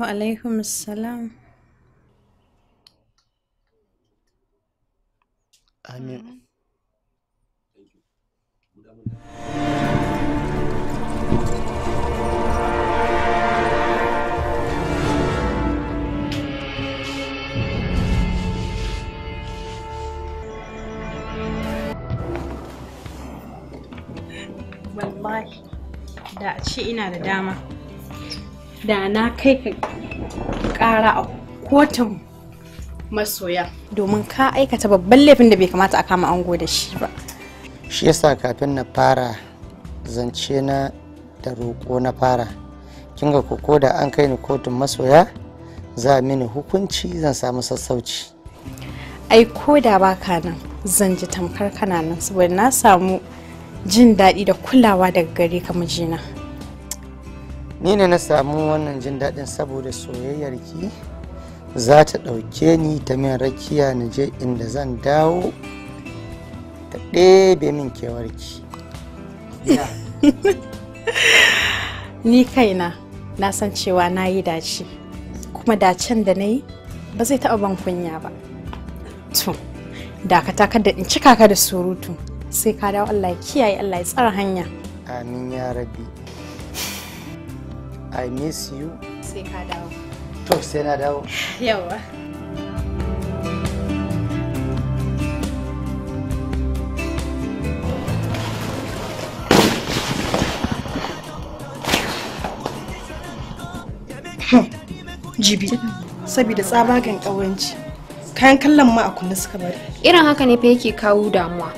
وعليكم السلام آمين wallahi da ce ina da dama da na kai ka kara a kotun masoya domin ka aikata babban laifin da bai kamata a kama ango da shi ba shi yasa kafin na fara zance na da roƙo na fara kin ga ko da an kai ni kotun masoya za mini hukunci zan samu sassauci ai ko da baka nan zan ji tamkar kana nan saboda na samu jin daɗi da kulawa daga gare ka mijina ni ne na samu wannan jin daɗin saboda soyayyar ki za ta ɗauke ni ta min rakiya na je inda zan dawo ta ɗebe min kewar ki. ni kaina na san cewa na yi dace kuma dacen da na yi ba zai taɓa ban kunya ba to dakata kada in cika ka da surutu sai ka dawo allah ya kiyaye allah ya tsara hanya amin ya rabi I miss you. Sai ka dawo. To sai na dawo. Yawa. Jibi, saboda tsabagen ƙawanci, kayan kallon ma a kunna suka bari. Irin haka ne fa yake kawo damuwa.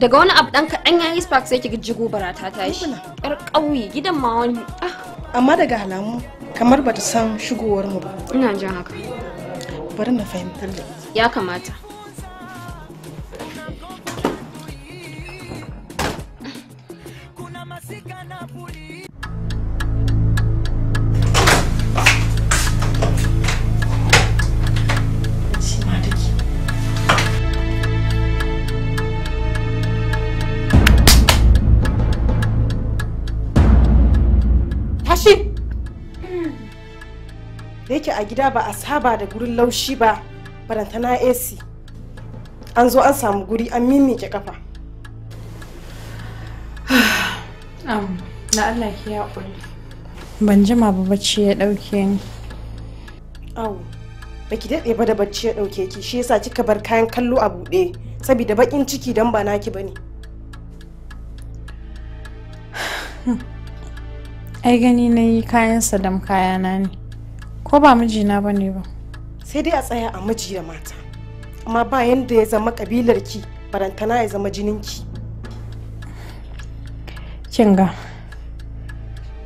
Daga wani abu ɗan kaɗan ya yi spark sai kiga jigo barata ta shi. Ƴar ƙauye gidan ma wani. Ah. amma daga alamu kamar bata san shigowar mu ba ina jin haka bari na fahimtar da ya kamata a gida ba a saba da gurin laushi ba barantana AC an zo an samu guri an mimike kafa na Allah ki ya ban jima ba bacci ya dauke ni awo ki daɗe ba da bacci ya ɗauke ki shi yasa kika bar kayan kallo a buɗe saboda baƙin ciki dan ba naki bane ai gani na yi kayan sadam kayana ne Ko ba mijina ba ne ba. Sai dai a tsaya a miji da mata. Amma ba yanda ya zama ki barantana ya zama jininki. Kinga,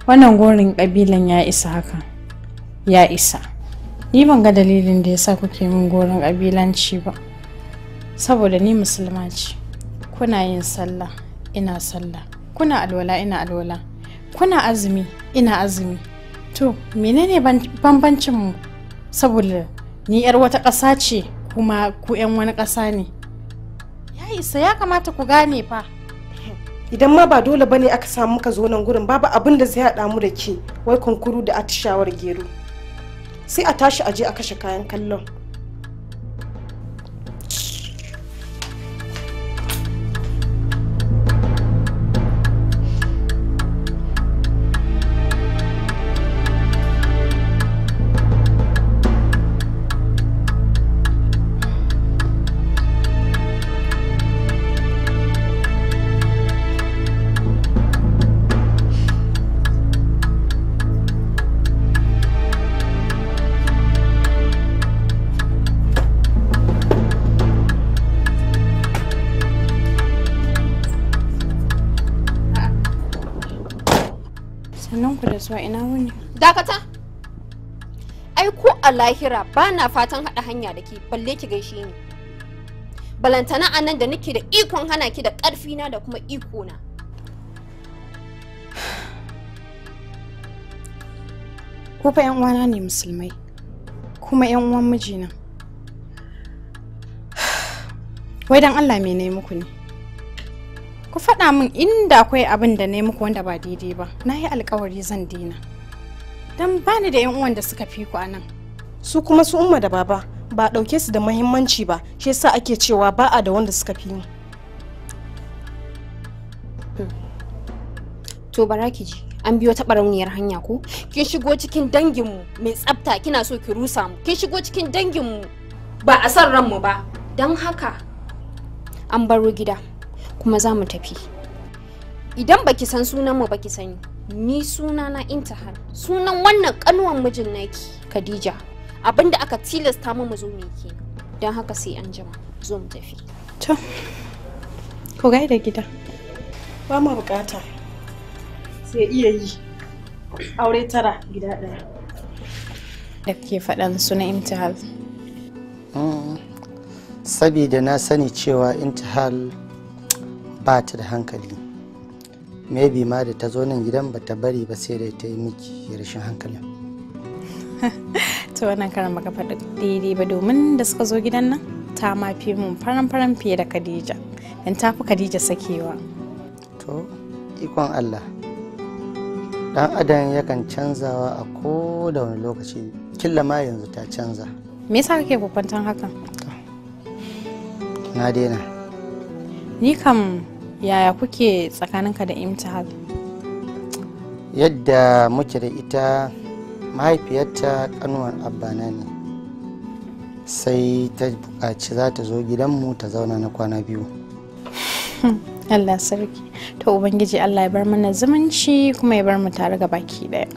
wannan gorin kabilan ya isa haka. Ya isa. Ni ban ga dalilin da ya sa kuke min gorin kabilanci ba. Saboda ni musulma ce. Kuna yin sallah, ina sallah. Kuna alwala, ina alwala. Kuna azumi, ina azumi. To, menene bambancin mu? Saboda ni 'yar wata ƙasa ce kuma ku 'yan wani ƙasa ne. Ya isa ya kamata ku gane fa. Idan ma ba dole bane aka samu muka zo nan gurin babu abin da zai haɗa mu da ke wai kunkuru da atishawar gero. Sai a tashi aje a kashe kayan kallon. kasuwa ina wuni. Dakata! Ai ko a lahira ba na fatan haɗa hanya da ke balle ki gaishe ni. Balantana a nan da nake da ikon hana ki da ƙarfina da kuma ikona. Ku fa ‘yan uwana ne musulmai, kuma ‘yan uwan mijina. Wai dan Allah me ne muku ne? ku faɗa min inda akwai abin da na yi muku wanda ba daidai ba na yi alkawari zan dina don ba ni da 'yan uwan da suka fi ku anan. su kuma su umma da baba ba ɗauke su da mahimmanci ba shi yasa ake cewa ba a da wanda suka fi mu hmm. to bara ki ji an biyo ta barauniyar hanya ko kin shigo cikin danginmu mai tsafta kina so ki rusa mu kin shigo cikin danginmu ba a san ranmu ba don haka an baro gida kuma za mu tafi idan baki san sunan mu baki sani ni suna na intihar sunan wannan kanuwan mijin naki khadija abinda aka tilasta mu mu zo mu ke don haka sai an jima zo mu tafi to ko ga da gida ba mu bukata sai iya yi aure tara gida daya da ke faɗan suna intihal mm. sabida na sani cewa intihal ba ta da hankali mebi ma da ta zo nan gidan ba ta bari ba sai dai ta yi miki rashin hankalin to wannan karan maka faɗi daidai ba domin da suka zo gidan nan ta ma fi mun faran-faran fiye da Khadija in ta fi Khadija sakewa to ikon Allah dan adam yakan canzawa a ko da wani lokaci killa ma yanzu ta canza me yasa kake kokwantan hakan na daina ni kam yaya kuke tsakaninka da imtihal yadda muke da ita mahaifiyarta kanuwar abana ne sai ta buƙaci za ta zo gidanmu ta zauna na kwana biyu allah sarki ta ubangiji allah ya bar mana zumunci kuma ya bar mu tare ga baki ɗaya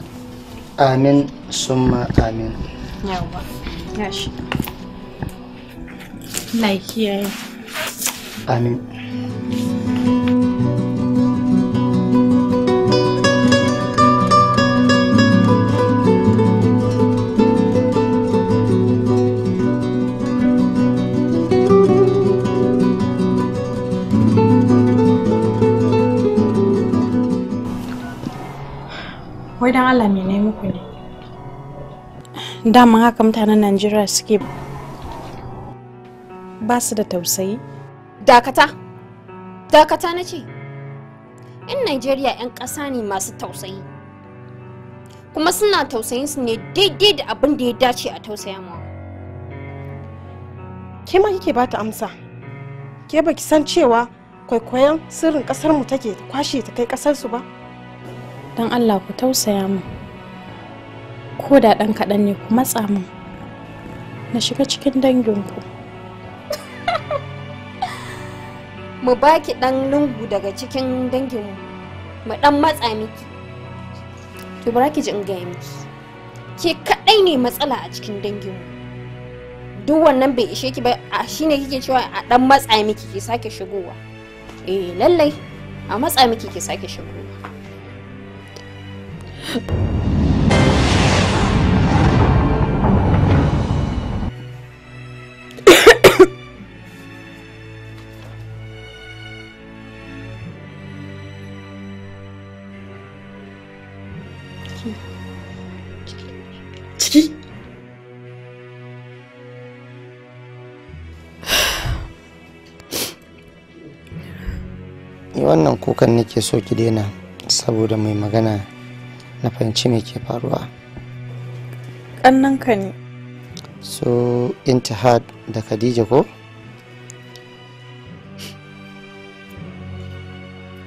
amin summa amin yawa ya shi amin wai dan Allah me ne muku ne dama haka mutanen Najeriya suke ba su da tausayi dakata dakata na ce in Najeriya 'yan ƙasa ne masu tausayi kuma suna tausayin su ne daidai da abin da ya dace a tausaya mawa ke ma kike bata amsa ke baki san cewa kwaikwayon sirrin kasar mu take kwashe ta kai kasar su ba don Allah ku tausaya min ko da ɗan kaɗan ne ku matsa min na shiga cikin danginku mu baki ɗan lungu daga cikin danginmu mu ɗan matsa miki to bara ki ji in gaya miki ke kaɗai ne matsala a cikin danginmu duk wannan bai ishe ki ba a shine kike cewa a ɗan matsa miki ki sake shigowa eh lallai a matsa miki ki sake shigowa Ni Wannan kukan nake so ki daina saboda mai magana na fahimci me ke faruwa ka ne so intihad da khadija ko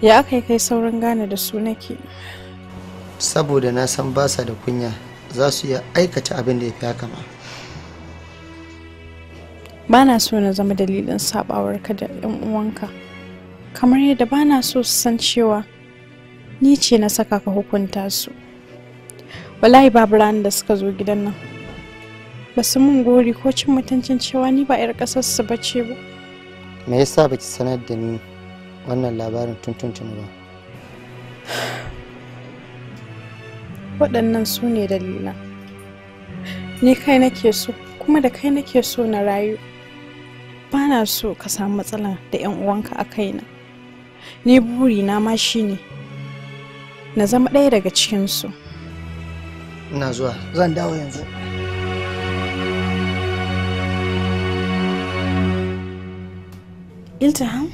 ya aka yi kai saurin gane da su nake saboda na san basa da kunya za su iya aikata abin da ya fi haka ma ba na so na zama dalilin saɓawarka da 'yan uwanka kamar yadda ba na so su san cewa ni ce na saka ka hukunta su wallahi babu ranar da suka zo gidan nan ba su mun gori ko cin mutuncin cewa ni ba 'yar ƙasar su ba ce ba me yasa baki sanar da ni wannan labarin tuntuntun ba waɗannan su ne dalilan ni kai nake so kuma da kai nake so na rayu ba na so ka samu matsala da 'yan uwanka a kaina ni burina ma shine na zama ɗaya daga cikinsu ina zuwa zan dawo yanzu Iltaham?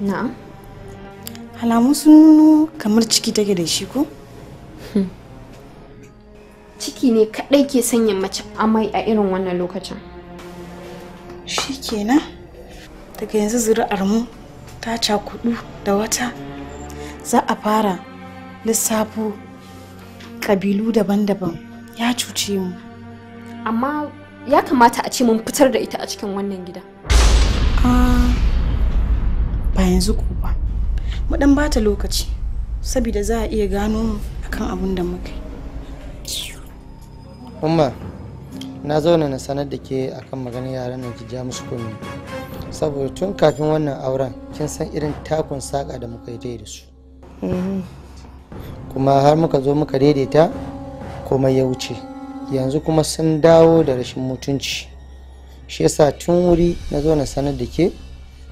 na'am alamu sun nuno kamar ciki take da shi ko hmm. ciki ne kaɗai ke sanya mace amai a irin wannan lokacin shi kenan daga yanzu zuri'ar mu ta cakudu da wata za a fara lissafo kabilu daban-daban ya cuce mu amma ya kamata a ce mun fitar da ita a cikin wannan gida ah, ba yanzu ko ba mu dan bata lokaci saboda za a iya gano mu akan abin da muka umma na zauna na sanar da ke akan maganar yaran nan ki ja musu kunni saboda tun kafin wannan auren kin san irin takun saka da muka yi da su kuma har muka zo muka daidaita komai ya wuce yanzu kuma sun dawo da rashin mutunci shi yasa tun wuri na zo na sanar da ke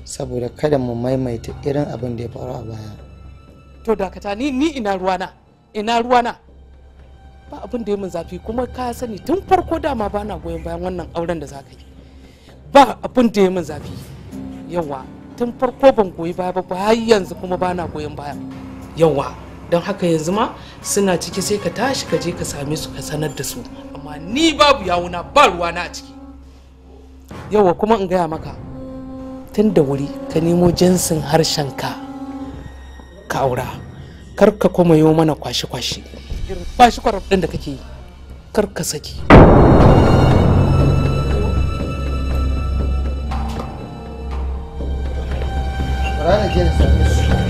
saboda kada mu maimaita irin abin da ya faru a baya to dakata ni ni ina ruwana ina ruwana ba abin da ya min zafi kuma ka sani tun farko dama ba na goyon bayan wannan auren da za ka yi ba abin da ya min zafi yawa tun farko ban goyi baya ba yanzu kuma ba na goyon baya yawa don haka yanzu ma suna ciki sai ka tashi ka je ka same su ka sanar da su amma ni babu yawuna ba ruwa na a ciki yawa kuma in gaya maka tun da wuri ka nemo jinsin harshen ka ka aura kar ka kuma yo mana kwashi-kwashi ba kwarar ɗin da kake yi kar ka saki Rana ke same su.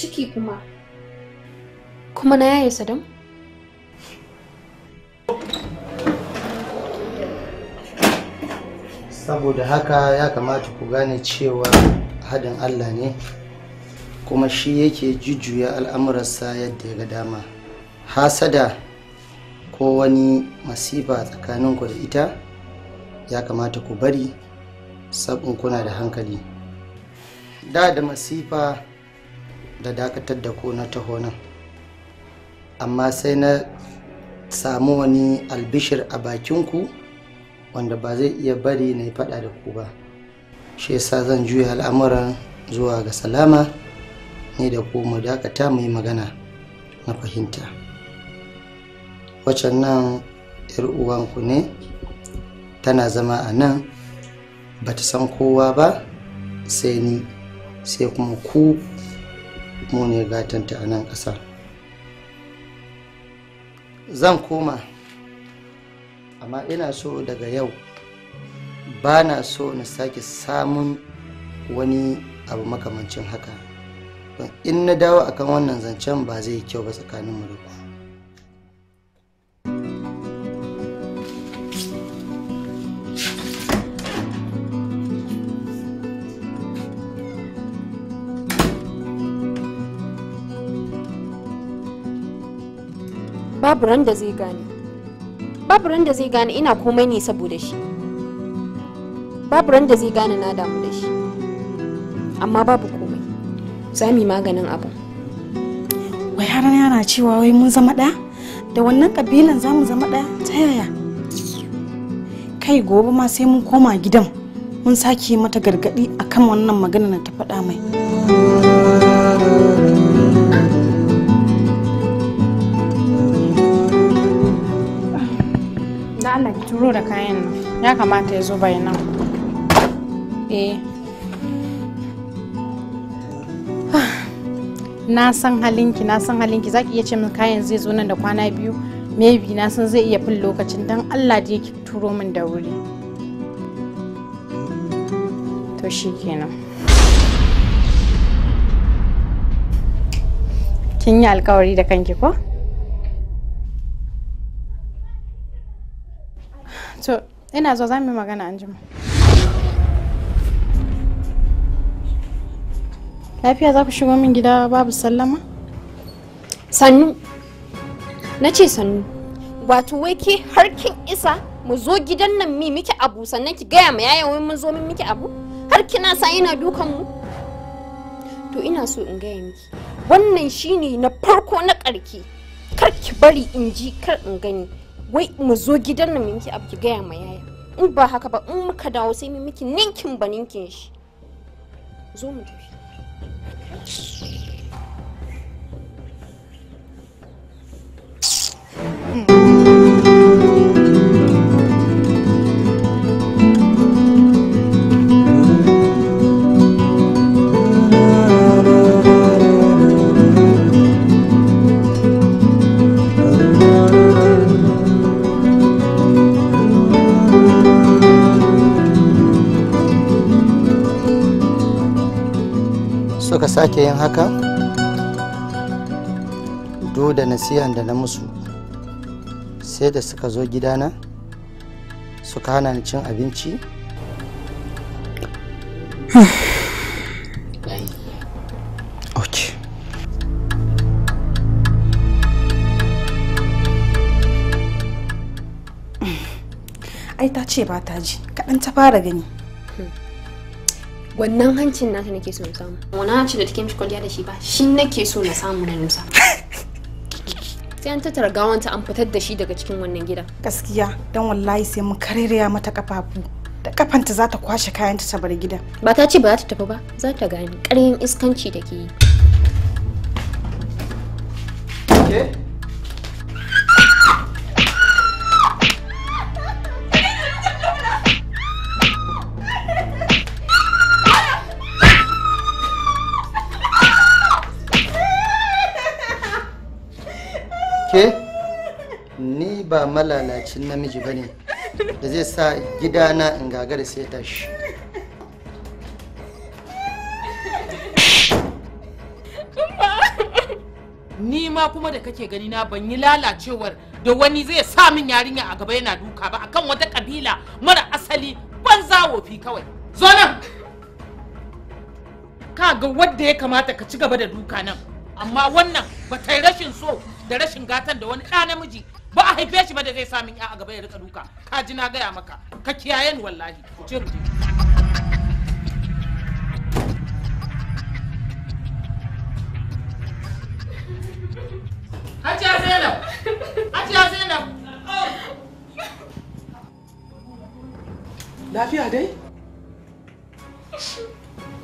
ciki kuma kuma na yaye sadam saboda haka ya kamata ku gane cewa hadin allah ne kuma shi yake jujjuya al'amuransa yadda ya ga dama hasada ko wani masifa tsakaninku da ita ya kamata ku bari sabon kuna da hankali da da masifa da dakatar da ku na taho nan amma sai na samu wani albishir a bakinku wanda ba zai iya bari na yi fada da ku ba shi yasa zan juya al'amuran zuwa ga salama ne da ku mu dakata mu yi magana na fahimta wacan nan 'yar uwanku ne tana zama a nan ba ta san kowa ba sai ni sai kuma ku mu ne gatanta a nan ƙasa zan koma amma ina so daga yau ba na so na sake samun wani abu makamancin haka in na dawo akan wannan zancen ba zai kyau ba tsakaninmu da ku babu ran da zai gane babu ran da zai gani ina komai ne saboda shi babu ran da zai gane na damu da shi amma babu komai za mu maganin abu wai har yana cewa wai mun zama ɗaya da wannan kabilan za mu zama ɗaya ta yaya kai gobe ma sai mun koma gidan mun sake mata gargaɗi akan wannan magana ta faɗa mai. da Allah ki turo da kayan nan ya kamata ya zo bai nan eh na san halinki na san halinki zaki iya ce min kayan zai zo nan da kwana biyu maybe na san zai iya fin lokacin dan Allah da yake turo min da wuri to shikenan kin yi alkawari da kanki ko? to ina zo za mu yi magana an jima lafiya za ku shigo min gida babu sallama sannu na ce sannu wato wai ke har kin isa mu zo gidan nan mi miki abu sannan ki gaya ma yayin wai mun zo min miki abu har kina sa ina dukan mu to ina so in gaya miki wannan shine na farko na karki kar ki bari in ji kar in gani wai mu zo gidan nan miki abu ki gaya ma yaya in ba haka ba in muka dawo sai mu miki ninkin ba ninkin shi zo mu tafi mm suka sake yin haka do da nasihan da na musu sai da suka zo gidana suka hana ni cin abinci ai ta ce ba ta ji kaɗan ta fara gani hmm. wannan hancin nata nake so son samu wani hancin da take mishi kwalliya da shi ba shi nake so na samu na nusa sai an tattara gawanta an fitar da shi daga cikin wannan gidan gaskiya dan wallahi sai mu karerya mata kafafu da kafanta za ta kwashe kayanta ta bar gida. ba ta ce ba za ta tafi ba za ta gane ƙaryin iskanci take yi ke ni ba malalacin namiji bane ne da zai sa gidana in gagara sai tashi ni ma kuma da kake gani na ban yi lalacewar da wani zai sa min yarinya a gaba yana duka ba akan wata kabila mara asali ban zawofi kawai zo nan ka ga wadda ya kamata ka ci gaba da duka nan amma wannan ba ta rashin so da rashin gatan da wani ɗa namiji ba a haife shi ba da zai samun ya a gaba ya rika duka ka ji na gaya maka ka kiyaye ni wallahi ce Lafiya dai?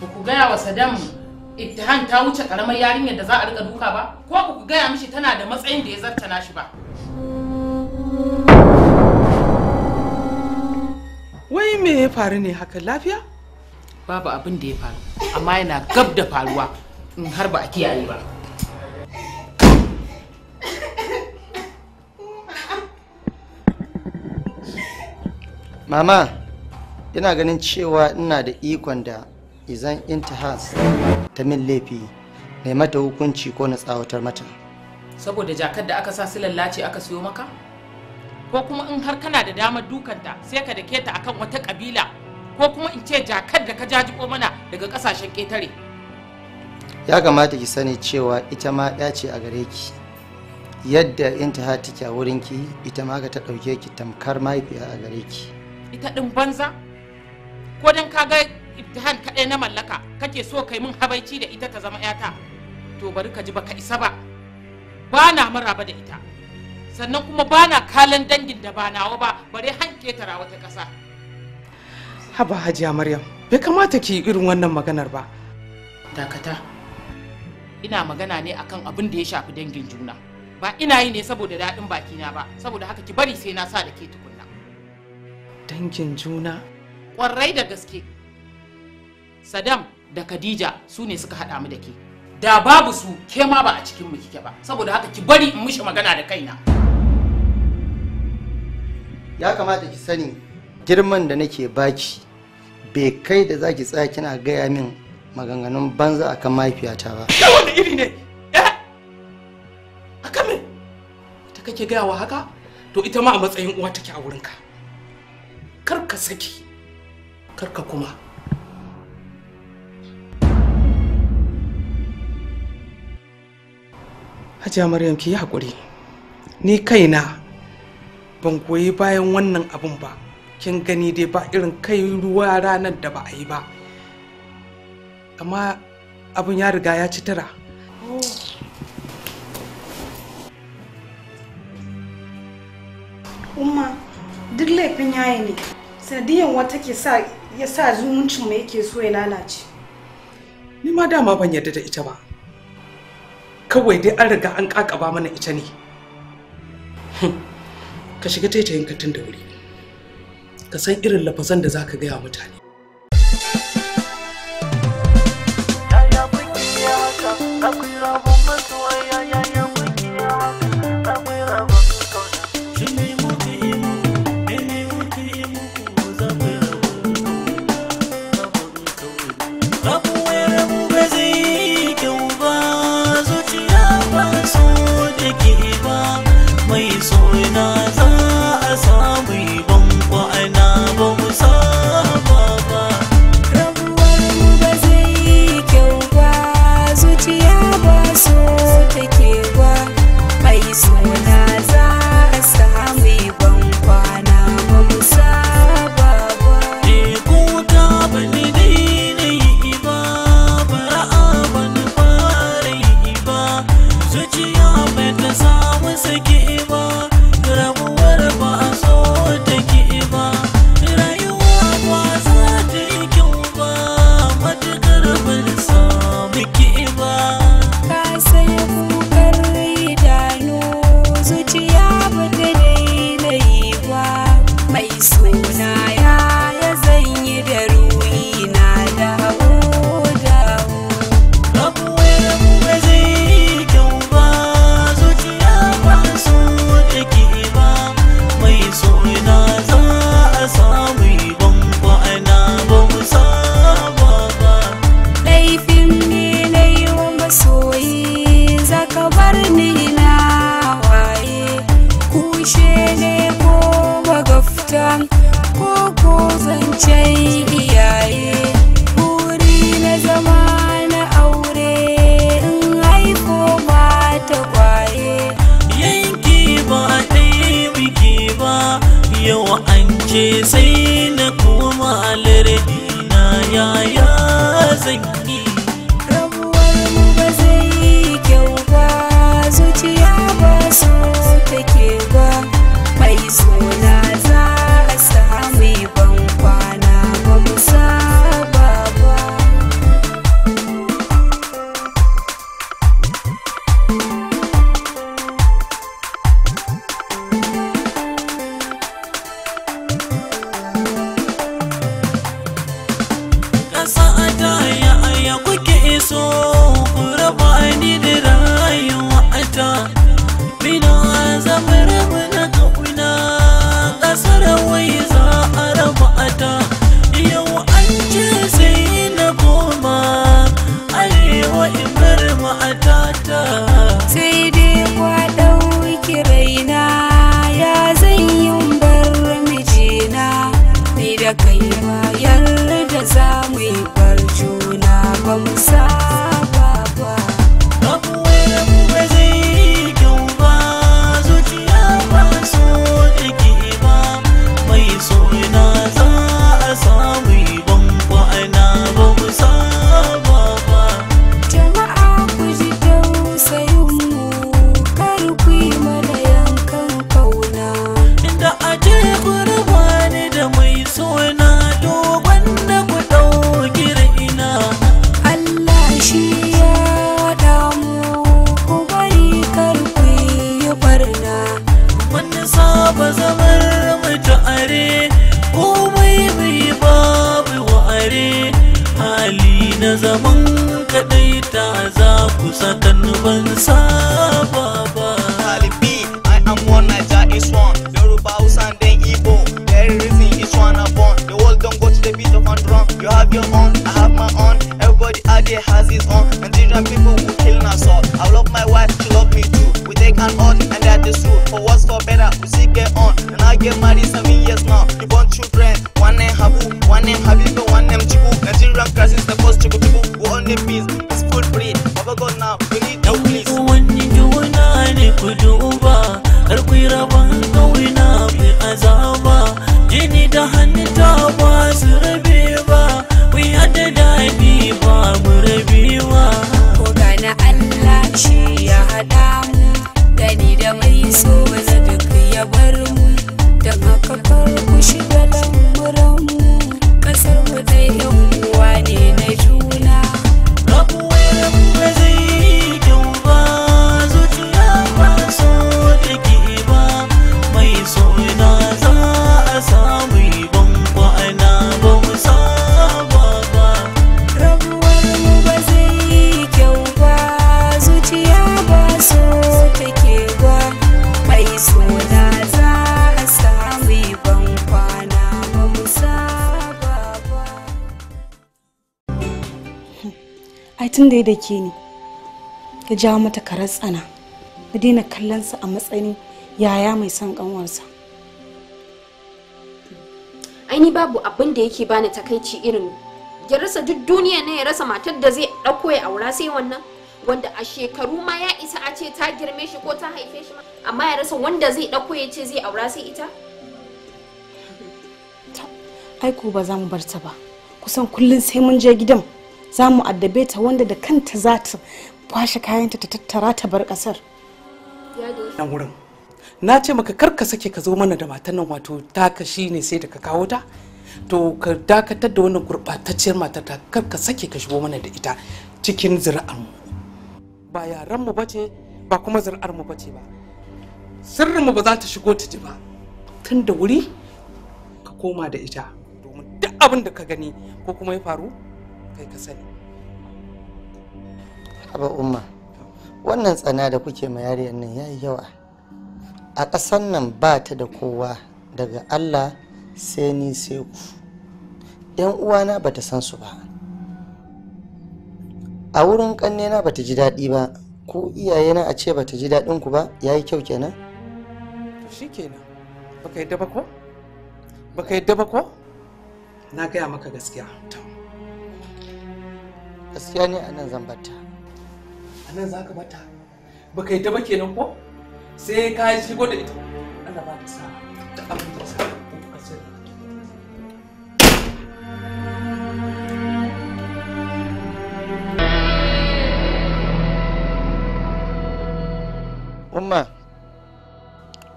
ku gaya wa Sadamu. ittihan ta wuce karamar yarinyar da za a rika duka ba ko ku gaya mishi tana da matsayin da ya zartana shi ba. Wai me ya faru ne haka lafiya? Babu abin da ya faru amma yana gab da faruwa in har ba a kiyaye ba. Mama, ina ganin cewa ina da ikon da izan intihas ta min laifi ne mata hukunci ko na tsawatar mata saboda jakar da aka sa su lallace aka siyo maka ko kuma in har kana da damar dukanta sai ka dake ta akan wata kabila ko kuma in ce jakar da ka ko mana daga kasashen ƙetare ya kamata ki sani cewa ita ma ya ce a gare ki yadda in intaha take a wurin ki ita ma ka ta ɗauke ki tamkar mahaifiya a gare ki ita ɗin banza ko dan ka ga ibtihan kaɗai na mallaka kake so kai min habaici da ita ta zama yata to bari ka ji baka isa ba ba na maraba da ita sannan kuma ba na kalan dangin da ba nawa ba bare han ketara wata ƙasa haba hajiya maryam bai kamata ki irin wannan maganar ba dakata ina magana ne akan abin da ya shafi dangin juna ba ina yi ne saboda daɗin na ba saboda haka ki bari sai na sa da ke tukunna dangin juna ƙwarai da gaske sadam da khadija su ne suka haɗa mu da ke da babu su ke ma ba a cikin mu kike ba saboda haka ki bari in mishi magana da kaina ya kamata ki sani girman da nake baki bai kai da zaki tsaya kina gaya min maganganun banza akan mahaifiyata ba kai wani iri ne eh Akame. ta kake gaya wa haka to ita ma a matsayin uwa take a wurinka kar ka saki kar ka kuma hajiya maryam ki yi hakuri ni kaina ban goyi bayan wannan abun ba kin gani dai ba irin kai ruwa ranar da ba a yi ba amma abin ya riga ya ci tara umma duk laifin yayi ne sanadiyan wata ke sa ya sa zumuncin mai yake so ya lalace ni ma dama ban yarda da ita ba kawai dai an riga an kakaba mana ita ne ka shiga taitayin katin tun da wuri ka san irin lafazan da za ka gaya mutane ko zancen iyaye buri na zama na aure in haifo ba ta kwaye yanki ba ɗaya biki ba yau an ce sai zaman kadai ta za ku satan ban saba ba Talibi, I am one Naija is one Yoruba, Hausa and then Igbo Everything is one upon The world don't go to the beat of a drum You have your own, I have my own Everybody out there has his own Nigerian people who kill us all I love my wife, she love me too We take an oath and that is true For what's for better, we see get on And I get married seven years now You born children, one name Habu One name Habibu, one name Chibu Nigerian crisis the first da ke ni ka jawo mata karar tsana na daina kallonsa a matsayin yaya mai son kanwarsa aini babu abin da yake bani takaici irin ya rasa duk duniya ne ya rasa matar da zai ɗauko ya aura sai wannan wanda a shekaru ma ya isa a ce ta girme shi ko ta haife shi amma ya rasa wanda zai ɗauko ya ce zai aura sai ita ai ku ba za mu bar ta ba kusan kullum sai mun je gidan za mu addabe ta wanda da kanta za ta kwashe kayanta ta tattara ta bar kasar na ce maka kar ka sake ka zo mana da matan nan wato taka shi ne sai da ka kawo ta to ka dakatar da wannan gurɓatacciyar matar ta kar ka sake ka shigo mana da ita cikin zuri'ar mu ba yaran mu bace ba kuma zuri'ar mu bace ba sirrin ba za ta shigo ta ji ba tun da wuri ka koma da ita domin duk abin da ka gani ko kuma ya faru kai ka sani haba umma wannan tsana da kuke ma yariyar nan yayi yawa a ƙasar nan ba ta da kowa daga allah sai ni sai ku yan uwana ba ta san su ba a wurin ƙannena ba ta ji daɗi ba ko iyayena a ce ba ta ji daɗin ku ba yayi kyau kenan to shikenan baka yadda ba ko baka yadda ba ko na gaya maka gaskiya gaskiya ne a nan zan batta a nan za ka batta ba ka yi ta ba kenan ko sai ka yi shigo da ita Allah ba ta sa ta abin da sa ko Umma,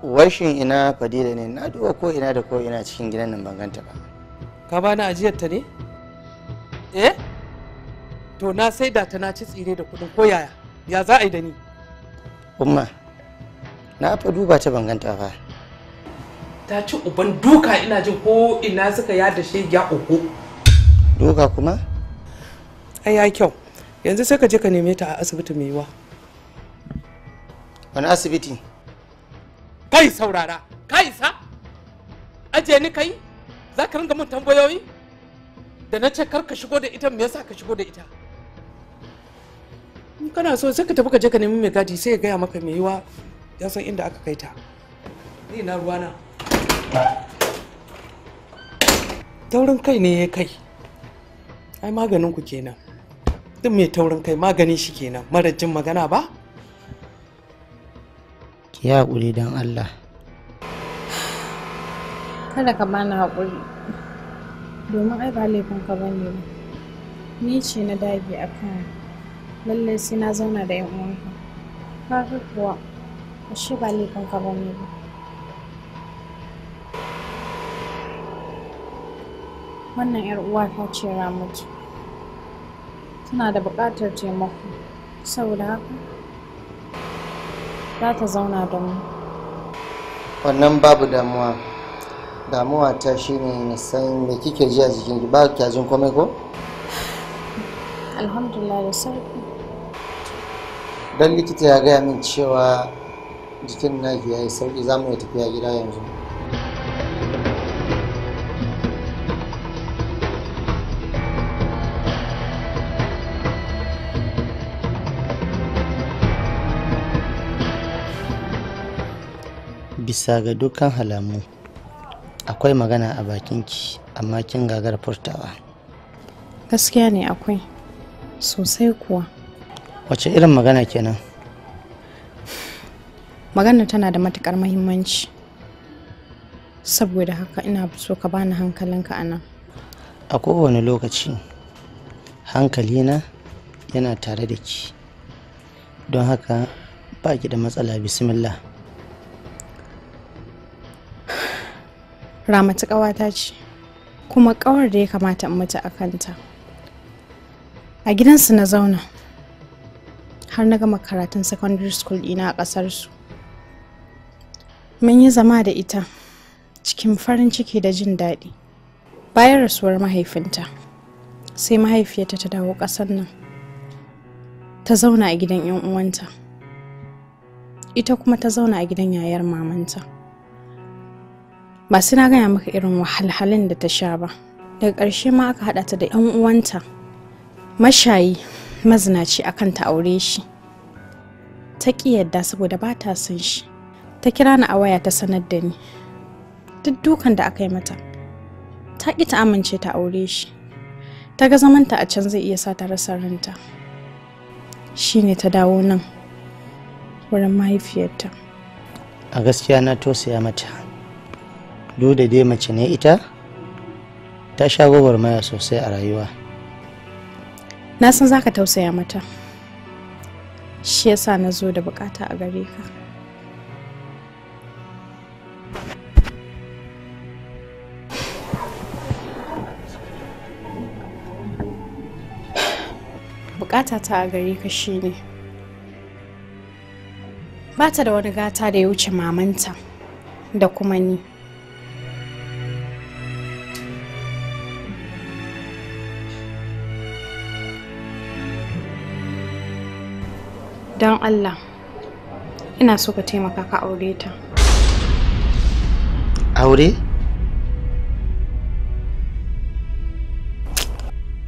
washin ina fadila ne na duba ko ina da ko ina cikin gidan nan ban ganta ba. Ka bani ajiyar ta ne? Eh? to na sai da ta na ci tsire da kuɗin ko yaya ya za a yi da ni umma na fa duba ta banganta fa ta ci uban duka ina jin ko ina suka yada shi ya uku duka kuma ai ya kyau yanzu sai ka je ka neme ta a asibiti mai yiwa wani asibiti kai saurara kai sa aje ni kai za ka ringa mun tambayoyi da na ce kar ka shigo da ita me yasa ka shigo da ita kana so sai ka tafi ka je ka nemi mai gadi sai ya gaya maka mai yiwa ya san inda aka kai ta ni na ruwana taurin kai ne ya kai ai maganin ku kenan duk mai taurin kai maganin shi kenan mara jin magana ba ki haƙuri don allah kada ka bani haƙuri domin ai ba laifin ka bane ni ce na dage akan lallai sai na zauna da yan uwanka ga kuwa ashe ba laifin ka ba ne ba wannan yar uwa ta ce ramatu tana da buƙatar taimako saboda haka za ta zauna da mu wannan babu damuwa damuwa ta shi na san me kike ji a jikinki ba kya jin komai ko alhamdulillah da sauki don likita ya gaya min cewa jikin naki ya yi sauki za mu yi tafiya gida yanzu bisa ga dukkan halamu akwai magana a bakinki amma kin gagar furtawa gaskiya ne akwai sosai kuwa wace irin magana kenan magana tana da matukar mahimmanci saboda haka ina so ka bani hankalinka a nan a kowane lokaci hankalina yana tare da ki don haka ba ki da matsala bismillah ramatu ƙawata ce kuma ƙawar da ya kamata in mutu a kanta a gidansu na zauna har na gama karatun secondary school ɗina a ƙasarsu mun yi zama da ita cikin farin ciki da jin daɗi bayan rasuwar mahaifinta sai mahaifiyarta ta dawo ƙasar nan ta zauna a gidan 'yan uwanta ita kuma ta zauna a gidan yayar mamanta ba su na gaya maka irin wahalhalin da ta sha ba daga ƙarshe ma aka haɗa ta da 'yan uwanta mashayi mazinaci akan ta aure shi ta ƙi yadda saboda ba ta son shi ta kira ni a waya ta sanar da ni duk dukan da aka yi mata ta ƙi ta amince ta aure shi ta ga zamanta a can zai iya sa ta rasa ranta shi ne ta dawo nan wurin mahaifiyarta a gaskiya na tosaya mata duk da dai mace ne ita ta sha gwagwarmaya sosai a rayuwa na san za ka tausaya mata shi yasa na zo da bukata a gare ka bukata ta a gare ka shine ba ta da wani gata da ya wuce mamanta da kuma ni don Allah ina so ka taimaka ka aure ta aure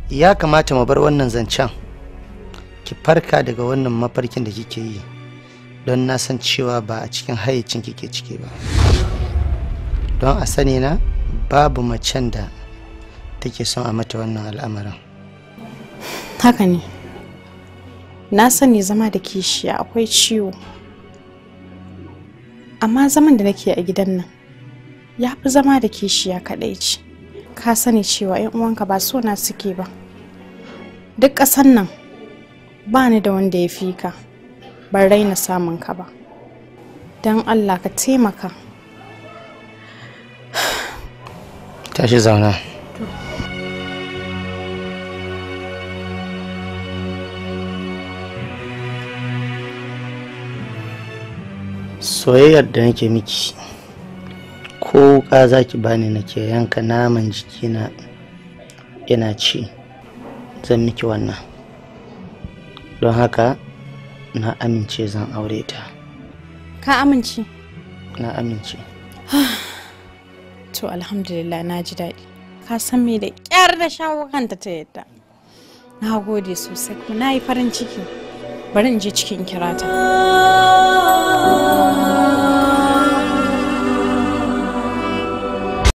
ya kamata mu bar wannan zancen ki farka daga wannan mafarkin da kike yi don na san cewa ba a cikin hayyacin kike ciki ba don a sani na babu macen da take son a mata wannan al'amarin haka ne na sani zama da kishiya akwai ciwo amma zaman da nake a gidan nan ya fi zama da kishiya kaɗai ce ka sani cewa 'yan uwanka ba so na suke ba duk ƙasan nan ba ni da wanda ya fi ka ban raina samun ka ba don allah ka taimaka tashi zauna soyayyar da nake miki ko wuka za ki bani nake yanka naman jikina ina ci zan miki wannan don haka na amince zan aure ta ka amince na amince to alhamdulillah na ji daɗi ka san me da ƙyar da shawo kanta ta yadda na gode sosai kuma na yi farin ciki bari in je cikin kirata